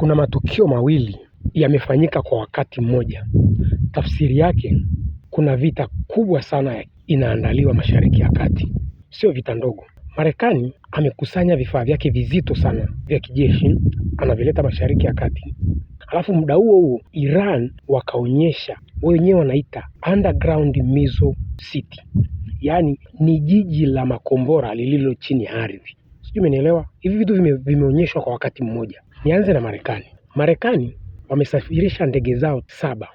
Kuna matukio mawili yamefanyika kwa wakati mmoja. Tafsiri yake kuna vita kubwa sana inaandaliwa mashariki ya kati. Sio vita ndogo. Marekani amekusanya vifaa vyake vizito sana vya kijeshi anavileta mashariki ya kati. Alafu muda huo huo Iran wakaonyesha wenyewe wanaita underground missile city, yaani ni jiji la makombora lililo chini ya ardhi. Sijui umenielewa? Hivi vitu vimeonyeshwa kwa wakati mmoja. Nianze na Marekani. Marekani wamesafirisha ndege zao saba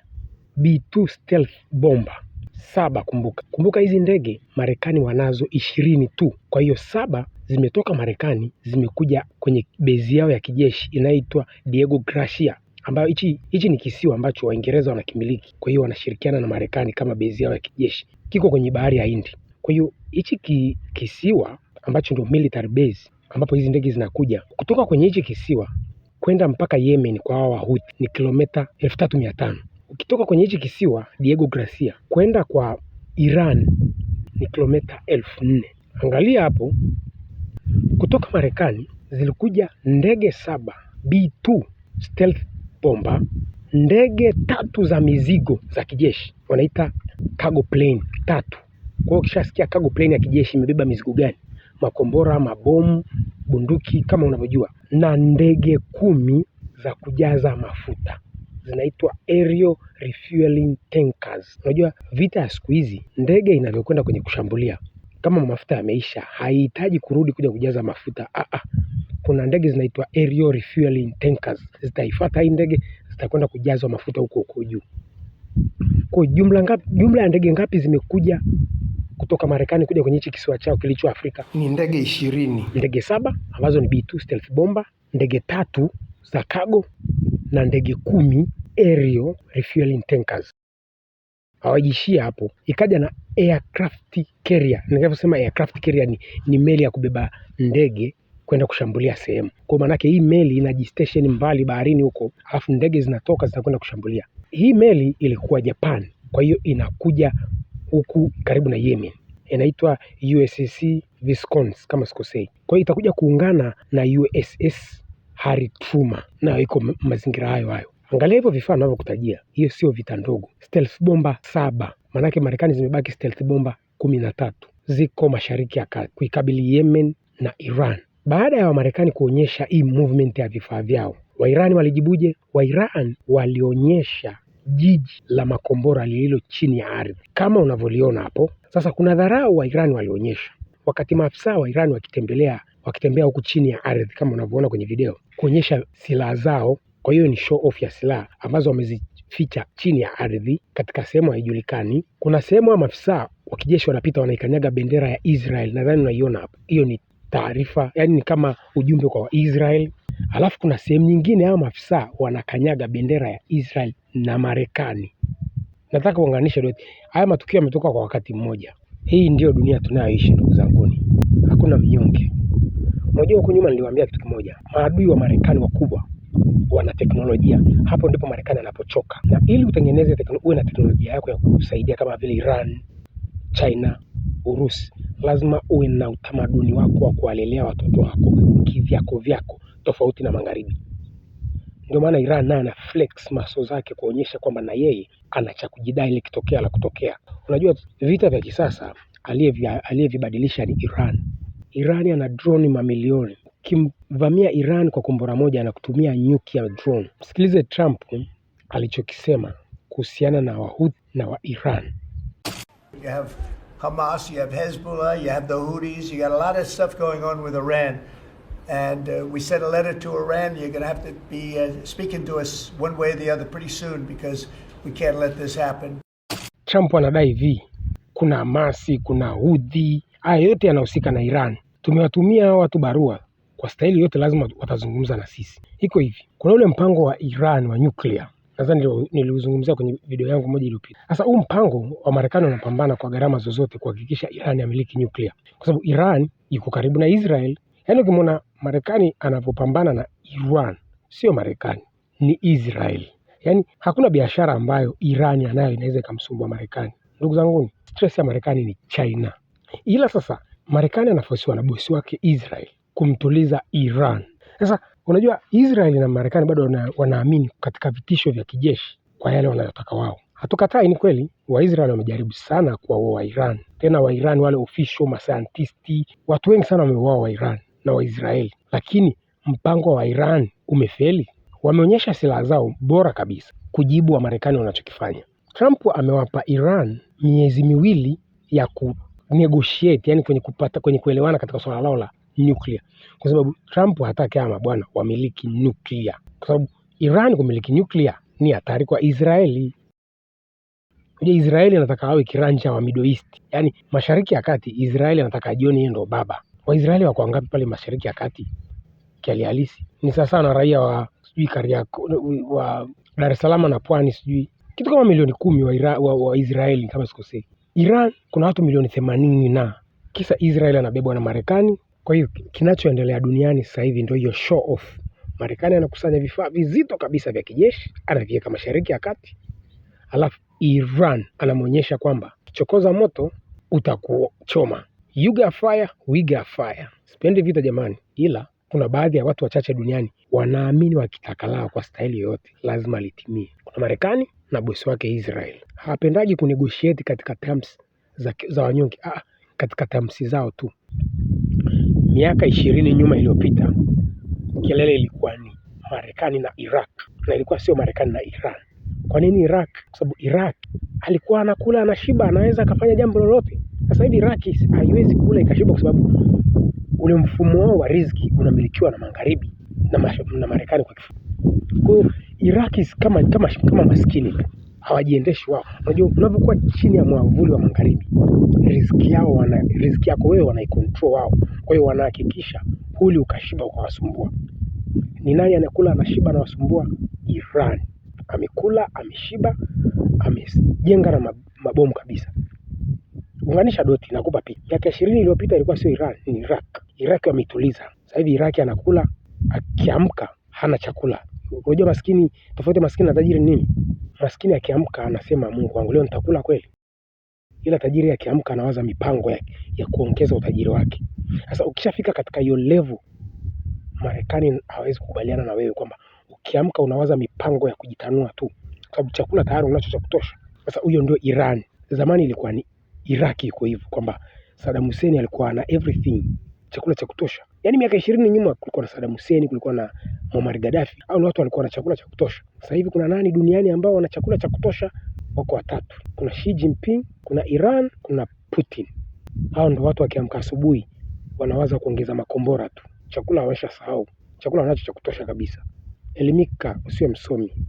B2 stealth bomber saba. Kumbuka kumbuka, hizi ndege Marekani wanazo ishirini tu, kwa hiyo saba zimetoka Marekani zimekuja kwenye bezi yao ya kijeshi inayoitwa Diego Garcia, ambayo hichi hichi ni kisiwa ambacho Waingereza wanakimiliki. Kwa hiyo wanashirikiana na Marekani kama bezi yao ya kijeshi, kiko kwenye bahari ya Hindi. Kwa hiyo hichi ki, kisiwa ambacho ndio military base ambapo hizi ndege zinakuja kutoka kwenye hichi kisiwa kwenda mpaka Yemen kwa hawa Wahuthi ni kilomita elfu tatu mia tano. Ukitoka kwenye hichi kisiwa Diego Garcia kwenda kwa Iran ni kilomita elfu nne. Angalia hapo, kutoka Marekani zilikuja ndege saba B2 stealth bomba, ndege tatu za mizigo za kijeshi wanaita cargo plane tatu. Kwa hiyo ukishasikia cargo plane ya kijeshi imebeba mizigo gani? Makombora, mabomu, bunduki kama unavyojua na ndege kumi za kujaza mafuta zinaitwa aerial refueling tankers. Unajua vita ya siku hizi, ndege inavyokwenda kwenye kushambulia, kama mafuta yameisha, haihitaji kurudi kuja kujaza mafuta. Aa, kuna ndege zinaitwa aerial refueling tankers, zitaifuata hii ndege, zitakwenda kujazwa mafuta huko huko juu. Kwa jumla ngapi, jumla ya ndege ngapi zimekuja kutoka Marekani kuja kwenye hichi kisiwa chao kilicho Afrika. Ni ndege ishirini, ndege saba ambazo ni B2 stealth bomba, ndege tatu za cargo na ndege kumi aerial refueling tankers. Hawajishia hapo, ikaja na aircraft carrier. Ninavyosema aircraft carrier ni, ni meli ya kubeba ndege kwenda kushambulia sehemu. Kwa maanake hii meli inajistesheni mbali baharini huko, alafu ndege zinatoka zinakwenda kushambulia. Hii meli ilikuwa Japan, kwa hiyo inakuja huku karibu na Yemen inaitwa USS Viscons kama sikosei. Kwa hiyo itakuja kuungana na USS Harry Truman nayo iko mazingira hayo hayo. Angalia hivyo vifaa ninavyokutajia, hiyo sio vita ndogo. Stealth bomba saba, maanake Marekani zimebaki stealth bomba kumi na tatu ziko mashariki ya kati kuikabili Yemen na Iran. Baada ya Wamarekani kuonyesha hii movement ya vifaa vyao, Wairani walijibuje? wairan walionyesha jiji la makombora lililo chini ya ardhi kama unavyoliona hapo. Sasa kuna dharau wa Iran walionyesha wakati maafisa wa Iran wakitembelea wakitembea huku chini ya ardhi kama unavyoona kwenye video, kuonyesha silaha zao. Kwa hiyo ni show off ya silaha ambazo wamezificha chini ya ardhi katika sehemu haijulikani. Kuna sehemu ya maafisa wa kijeshi wanapita wanaikanyaga bendera ya Israel, nadhani unaiona hapo. Hiyo ni taarifa, yani ni kama ujumbe kwa Israel Alafu kuna sehemu nyingine hao maafisa wanakanyaga bendera ya Israel na Marekani. Nataka kuunganisha dot. Haya matukio yametoka kwa wakati mmoja. Hii ndio dunia tunayoishi ndugu zanguni. Hakuna mnyonge. Unajua huko nyuma niliwaambia kitu kimoja. Maadui wa Marekani wakubwa wana teknolojia. Hapo ndipo Marekani anapochoka. Na ili utengeneze teknolojia, uwe na teknolojia yako ya kusaidia kama vile Iran, China, Urusi, lazima uwe na utamaduni wako wa kuwalelea watoto wako kivyako vyako tofauti na magharibi. Ndio maana Iran naye ana flex maso zake kuonyesha kwamba na yeye ana cha kujidai likitokea la kutokea. Unajua vita vya kisasa aliyevibadilisha ni Iran. Iran ana droni mamilioni. Ukimvamia Iran kwa kombora moja na kutumia nyuki ya drone. Msikilize Trump alichokisema kuhusiana na Wahuthi na wa Iran. You have Hamas, you have Hezbollah, you have the Houthis, you got a lot of stuff going on with Iran. And uh, we sent a letter to Iran. You're going to have to be uh, speaking to us one way or the other pretty soon because we can't let this happen. Trump anadai hivi, kuna Hamasi, kuna Houthi, haya yote yanahusika na Iran. Tumewatumia watu barua, kwa staili yote lazima watazungumza na sisi. Iko hivi, kuna ule mpango wa Iran wa nuclear nadhani niliuzungumzia kwenye video yangu moja iliyopita. Sasa huu mpango wa Marekani unapambana kwa gharama zozote kuhakikisha Iran yamiliki nyuklia, kwa sababu Iran iko karibu na Israel. Yaani ukimwona Marekani anapopambana na Iran, sio Marekani ni Israel. Yaani hakuna biashara ambayo Iran anayo inaweza ikamsumbua Marekani. Ndugu zanguni, stress ya Marekani ni China. Ila sasa Marekani anafosiwa na bosi wake Israel kumtuliza Iran. Sasa unajua Israel na Marekani bado wanaamini katika vitisho vya kijeshi kwa yale wanayotaka wao. Hatukatai, ni kweli Waisrael wamejaribu sana kuwaua Wairan, tena Wairan wale official mascientists, watu wengi sana wameuawa Wairan, na waisraeli. Lakini mpango wa Iran umefeli. Wameonyesha silaha zao bora kabisa kujibu wa marekani wanachokifanya. Trump amewapa Iran miezi miwili ya ku negotiate, yani kwenye kupata, kwenye kuelewana katika swala lao la nuclear, kwa sababu Trump hataki ama bwana wamiliki nuclear, kwa sababu Iran kumiliki nuclear ni hatari kwa Israeli. Uja Israeli anataka awe kiranja wa Middle East, yani mashariki ya kati. Israeli anataka ajione yeye ndo baba. Waisraeli wako wangapi pale mashariki ya kati halisi ni sasa na raia wa sijui Kariakoo wa Dar es Salaam na Pwani sijui kitu kama milioni kumi Ira, wa, wa kama sikosei. Iran kuna watu milioni themanini na kisa Israel anabebwa na Marekani. Kwa hiyo kinachoendelea duniani sasa hivi ndio hiyo show off. Marekani anakusanya vifaa vizito kabisa vya kijeshi anaviweka mashariki ya kati, alafu Iran anamwonyesha kwamba kichokoza moto utakuchoma. You got fire, we got fire. Sipendi vita jamani, ila kuna baadhi ya watu wachache duniani wanaamini wakitaka lao kwa staili yoyote lazima litimie. Kuna Marekani na bosi wake Israel hawapendaji kunegotiate katika terms za, za wanyonge ah, katika terms zao tu. Miaka ishirini nyuma iliyopita kelele ilikuwa ni Marekani na Iraq, na ilikuwa sio Marekani na Iran. Kwa nini Iraq? Kwa sababu Iraq alikuwa anakula anashiba, anaweza akafanya jambo lolote. Sasa hivi Iraq haiwezi kula ikashiba, kwa sababu ule mfumo wao wa riziki unamilikiwa na magharibi na Marekani kwa kifupi. Kwa hiyo Iraki kama, kama, kama maskini hawajiendeshi wao. Unajua, unapokuwa chini ya mwavuli wa magharibi, riziki yao wana riziki yako wewe wanaikontrol wao. Kwa hiyo wanahakikisha huli ukashiba ukawasumbua. Ni nani anakula anashiba wasumbua? Iran amekula ameshiba amejenga na mabomu kabisa. Unganisha doti nakupa picha. Miaka ishirini iliyopita ilikuwa sio Iran, ni Iraq. Iraq wameituliza. Sasa hivi Iraq anakula akiamka hana chakula. Unajua maskini, tofauti maskini na tajiri nini? Maskini akiamka anasema Mungu wangu leo nitakula kweli. Ila tajiri akiamka anawaza mipango ya, ya kuongeza utajiri wake. Sasa ukishafika katika hiyo level Marekani hawezi kukubaliana na wewe kwamba ukiamka unawaza mipango ya kujitanua tu, kwa sababu chakula tayari unacho cha kutosha. Sasa huyo ndio Iran. Zamani ilikuwa ni Iraki iko hivyo kwamba Saddam Hussein alikuwa na everything, chakula cha kutosha. Yaani miaka ishirini nyuma kulikuwa na Saddam Hussein, kulikuwa na Muammar Gaddafi, au watu walikuwa na chakula cha kutosha. Sasa hivi kuna nani duniani ambao wana chakula cha kutosha? Wako watatu, kuna Xi Jinping, kuna Iran, kuna Putin. Hao ndio watu wakiamka asubuhi wanawaza kuongeza makombora tu, chakula hawasha sahau, chakula wanacho cha kutosha kabisa. Elimika, usiwe msomi.